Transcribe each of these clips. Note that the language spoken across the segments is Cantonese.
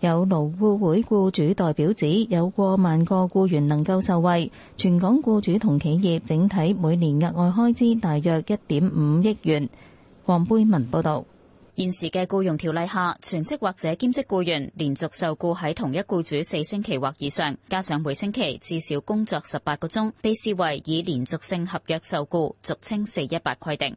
有勞顧會僱主代表指，有過萬個僱員能夠受惠，全港僱主同企業整體每年額外開支大約一點五億元。黃貝文報道，現時嘅僱傭條例下，全職或者兼職僱員連續受僱喺同一僱主四星期或以上，加上每星期至少工作十八個鐘，被視為以連續性合約受僱，俗稱四一八規定。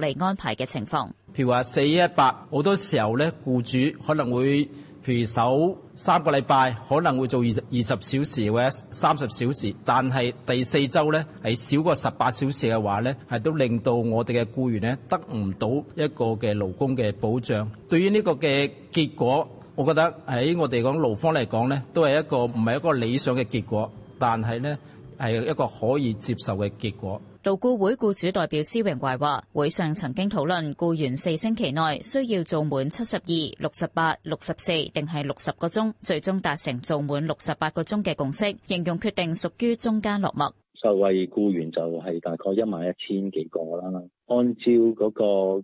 嚟安排嘅情況，譬如話四一八好多時候咧，僱主可能會，譬如首三個禮拜可能會做二十二十小時或者三十小時，但係第四周咧係少過十八小時嘅話咧，係都令到我哋嘅僱員咧得唔到一個嘅勞工嘅保障。對於呢個嘅結果，我覺得喺我哋講勞方嚟講咧，都係一個唔係一個理想嘅結果，但係咧係一個可以接受嘅結果。勞僱會僱主代表施榮懷話，會上曾經討論僱員四星期內需要做滿七十二、六十八、六十四定係六十個鐘，最終達成做滿六十八個鐘嘅共識，形容決定屬於中間落墨。受惠僱員就係大概一萬一千幾個啦，按照嗰個誒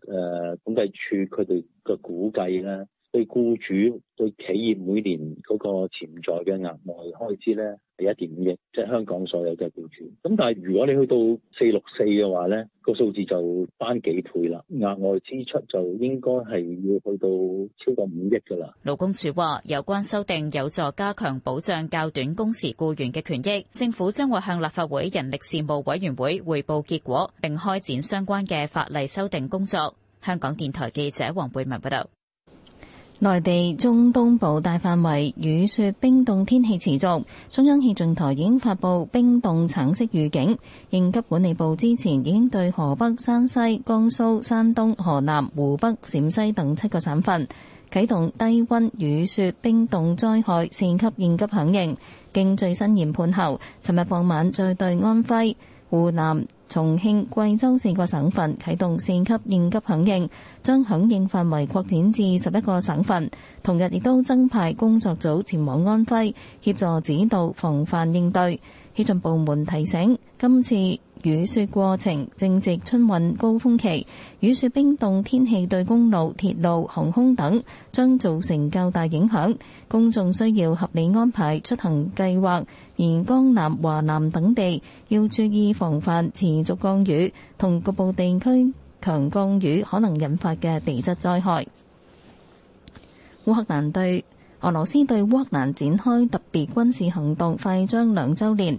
統計處佢哋嘅估計咧。對僱主對企業每年嗰個潛在嘅額外開支呢，係一點五億，即係香港所有嘅雇主咁。但係如果你去到四六四嘅話呢，個數字就翻幾倍啦，額外支出就應該係要去到超過五億噶啦。勞工處話，有關修訂有助加強保障較短工時僱員嘅權益，政府將會向立法會人力事務委員會匯報結果，並開展相關嘅法例修訂工作。香港電台記者黃貝文報道。內地中東部大範圍雨雪冰凍天氣持續，中央氣象台已經發布冰凍橙色預警，應急管理部之前已經對河北、山西、江蘇、山東、河南、湖北、陝西等七個省份啟動低溫雨雪冰凍災害四級應急響應，經最新研判後，尋日傍晚再對安徽、湖南、重慶、貴州四個省份啟動四級應急響應，將響應範圍擴展至十一個省份。同日亦都增派工作組前往安徽協助指導防範應對。氣象部門提醒，今次雨雪過程正值春運高峰期，雨雪冰凍天氣對公路、鐵路、航空等將造成較大影響，公眾需要合理安排出行計劃。而江南、華南等地要注意防範持續降雨同局部地區強降雨可能引發嘅地質災害。烏克蘭對俄羅斯對烏克蘭展開特別軍事行動快將兩週年。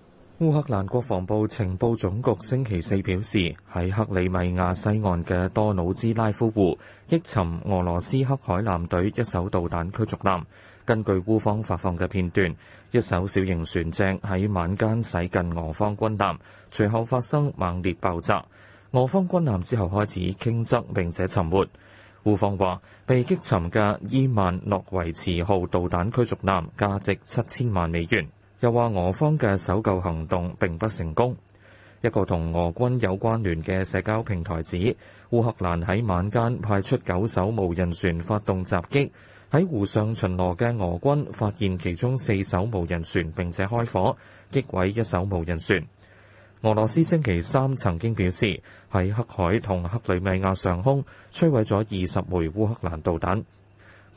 烏克蘭國防部情報總局星期四表示，喺克里米亞西岸嘅多瑙茲拉夫湖擊沉俄羅斯黑海艦隊一艘導彈驅逐艦。根據烏方發放嘅片段，一艘小型船隻喺晚間駛近俄方軍艦，隨後發生猛烈爆炸。俄方軍艦之後開始傾側，並且沉沒。烏方話，被擊沉嘅伊曼諾維茨號導彈驅逐艦價值七千萬美元。又話俄方嘅搜救行動並不成功。一個同俄軍有關聯嘅社交平台指，烏克蘭喺晚間派出九艘無人船發動襲擊，喺湖上巡邏嘅俄軍發現其中四艘無人船，並且開火擊毀一艘無人船。俄羅斯星期三曾經表示，喺黑海同克里米亞上空摧毀咗二十枚烏克蘭導彈。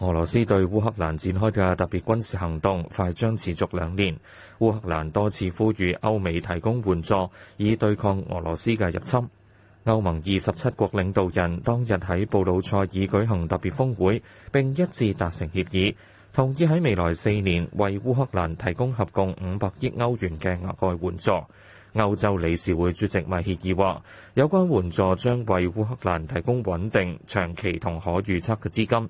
俄羅斯對烏克蘭展開嘅特別軍事行動快將持續兩年。烏克蘭多次呼籲歐美提供援助，以對抗俄羅斯嘅入侵。歐盟二十七國領導人當日喺布魯塞爾舉行特別峰會，並一致達成協議，同意喺未來四年為烏克蘭提供合共五百億歐元嘅額外援助。歐洲理事會主席米歇爾話，有關援助將為烏克蘭提供穩定、長期同可預測嘅資金。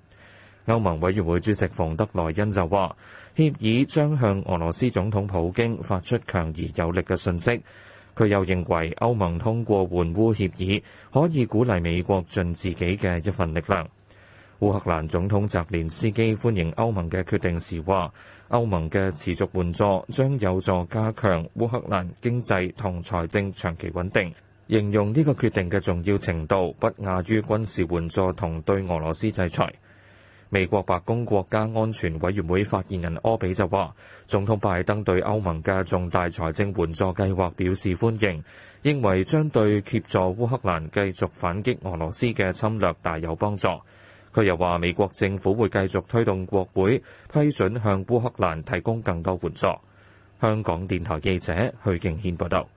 歐盟委員會主席馮德萊恩就話，協議將向俄羅斯總統普京發出強而有力嘅訊息。佢又認為，歐盟通過緩烏協議，可以鼓勵美國盡自己嘅一份力量。烏克蘭總統澤連斯基歡迎歐盟嘅決定時話，歐盟嘅持續援助將有助加強烏克蘭經濟同財政長期穩定，形容呢個決定嘅重要程度不亞於軍事援助同對俄羅斯制裁。美國白宮國家安全委員會發言人柯比就話，總統拜登對歐盟嘅重大財政援助計劃表示歡迎，認為將對協助烏克蘭繼續反擊俄羅斯嘅侵略大有幫助。佢又話美國政府會繼續推動國會批准向烏克蘭提供更多援助。香港電台記者許敬軒報道。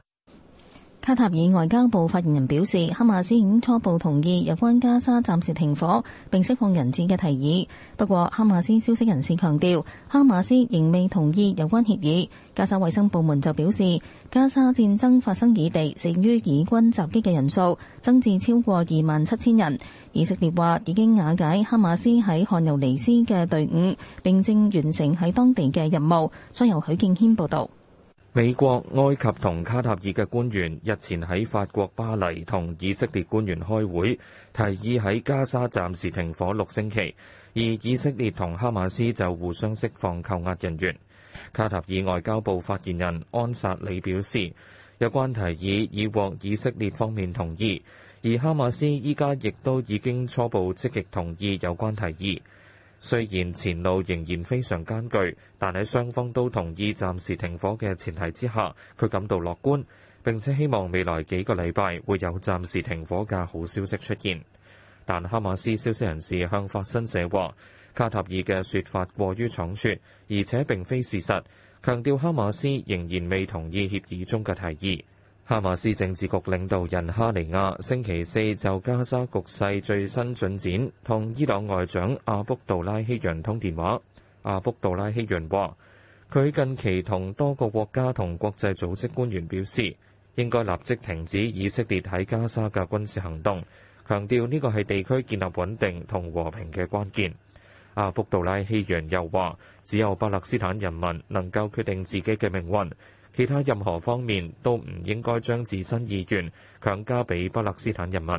卡塔爾外交部發言人表示，哈馬斯已經初步同意有關加沙暫時停火並釋放人質嘅提議。不過，哈馬斯消息人士強調，哈馬斯仍未同意有關協議。加沙衛生部門就表示，加沙戰爭發生以地死於以軍襲擊嘅人數增至超過二萬七千人。以色列話已經瓦解哈馬斯喺汗尤尼斯嘅隊伍，並正完成喺當地嘅任務。將由許敬軒報導。美國、埃及同卡塔爾嘅官員日前喺法國巴黎同以色列官員開會，提議喺加沙暫時停火六星期，而以色列同哈馬斯就互相釋放扣押人員。卡塔爾外交部發言人安薩里表示，有關提議已獲以色列方面同意，而哈馬斯依家亦都已經初步積極同意有關提議。雖然前路仍然非常艱巨，但喺雙方都同意暫時停火嘅前提之下，佢感到樂觀，並且希望未來幾個禮拜會有暫時停火嘅好消息出現。但哈馬斯消息人士向法新社話：卡塔爾嘅說法過於倉促，而且並非事實，強調哈馬斯仍然未同意協議中嘅提議。哈馬斯政治局領導人哈尼亞星期四就加沙局勢最新進展同伊朗外長阿卜杜拉希揚通電話。阿卜杜拉希揚話：佢近期同多個國家同國際組織官員表示，應該立即停止以色列喺加沙嘅軍事行動，強調呢個係地區建立穩定同和平嘅關鍵。阿卜杜拉希揚又話：只有巴勒斯坦人民能夠決定自己嘅命運。其他任何方面都唔應該將自身意願強加俾巴勒斯坦人民。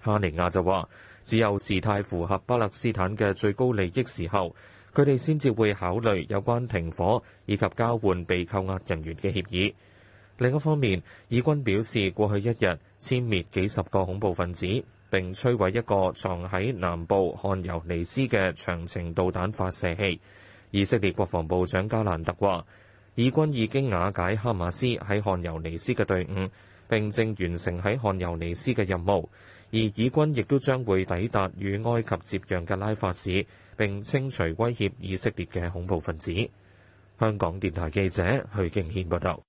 哈尼亞就話：只有事態符合巴勒斯坦嘅最高利益時候，佢哋先至會考慮有關停火以及交換被扣押人員嘅協議。另一方面，以軍表示過去一日殲滅幾十個恐怖分子，並摧毀一個藏喺南部漢尤尼斯嘅長程導彈發射器。以色列國防部長加蘭特話：以軍已經瓦解哈馬斯喺漢尤尼斯嘅隊伍，並正完成喺漢尤尼斯嘅任務。而以軍亦都將會抵達與埃及接壤嘅拉法市，並清除威脅以色列嘅恐怖分子。香港電台記者許敬軒報道。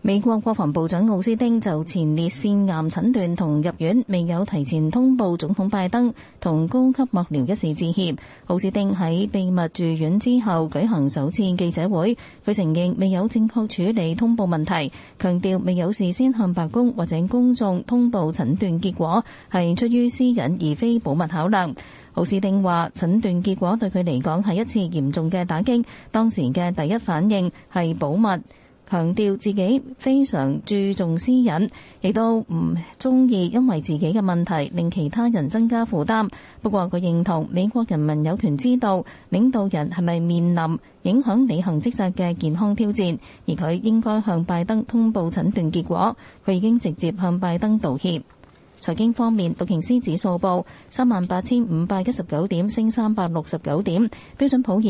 美國國防部長奧斯汀就前列腺癌診斷同入院未有提前通報總統拜登同高級幕僚一事致歉。奧斯汀喺秘密住院之後舉行首次記者會，佢承認未有正確處理通報問題，強調未有事先向白宮或者公眾通報診斷結果係出於私隱而非保密考量。奧斯丁話診斷結果對佢嚟講係一次嚴重嘅打擊，當時嘅第一反應係保密。強調自己非常注重私隱，亦都唔中意因為自己嘅問題令其他人增加負擔。不過佢認同美國人民有權知道領導人係咪面臨影響履行職責嘅健康挑戰，而佢應該向拜登通報診斷結果。佢已經直接向拜登道歉。財經方面，道瓊斯指數報3萬8千519點，升369點；標準普爾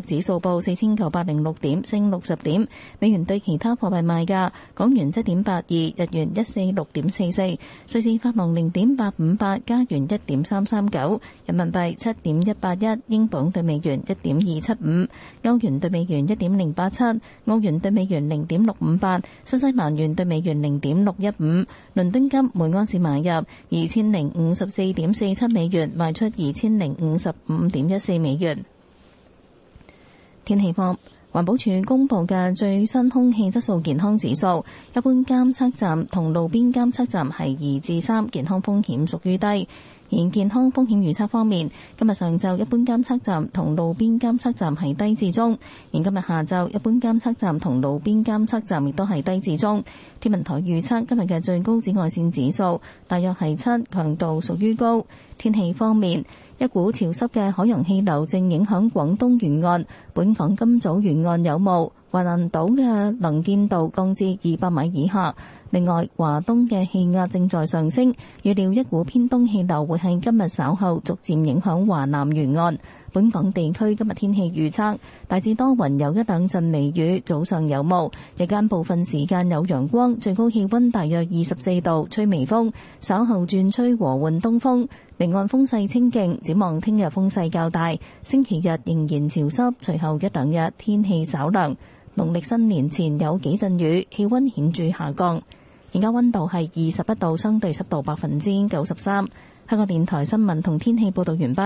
500指數報4千9百06點，升60點。美元對其他貨幣賣價：港元7.82，日元146.44，瑞士法郎0.858，加元1.339，人民幣7.181，英鎊對美元1.275，歐元對美元1.087，澳元對美元0.658，新西蘭元對美元0.615。倫敦金每安士買入。二千零五十四點四七美元賣出二千零五十五點一四美元。天氣科，環保署公布嘅最新空氣質素健康指數，一般監測站同路邊監測站係二至三，健康風險屬於低。現健康風險預測方面，今日上晝一般監測站同路邊監測站係低至中。而今日下晝一般監測站同路邊監測站亦都係低至中。天文台預測今日嘅最高紫外線指數大約係七，強度屬於高。天氣方面，一股潮濕嘅海洋氣流正影響廣東沿岸，本港今早沿岸有霧，橫瀾島嘅能見度降至二百米以下。另外，華東嘅氣壓正在上升，預料一股偏東氣流會喺今日稍後逐漸影響華南沿岸。本港地區今日天氣預測，大致多雲，有一兩陣微雨，早上有霧，日間部分時間有陽光，最高氣溫大約二十四度，吹微風，稍後轉吹和緩東風，沿岸風勢清勁，展望聽日風勢較大，星期日仍然潮濕，隨後一兩日天氣稍涼。農曆新年前有幾陣雨，氣溫顯著下降。而家温度係二十一度，相對濕度百分之九十三。香港電台新聞同天氣報道完畢。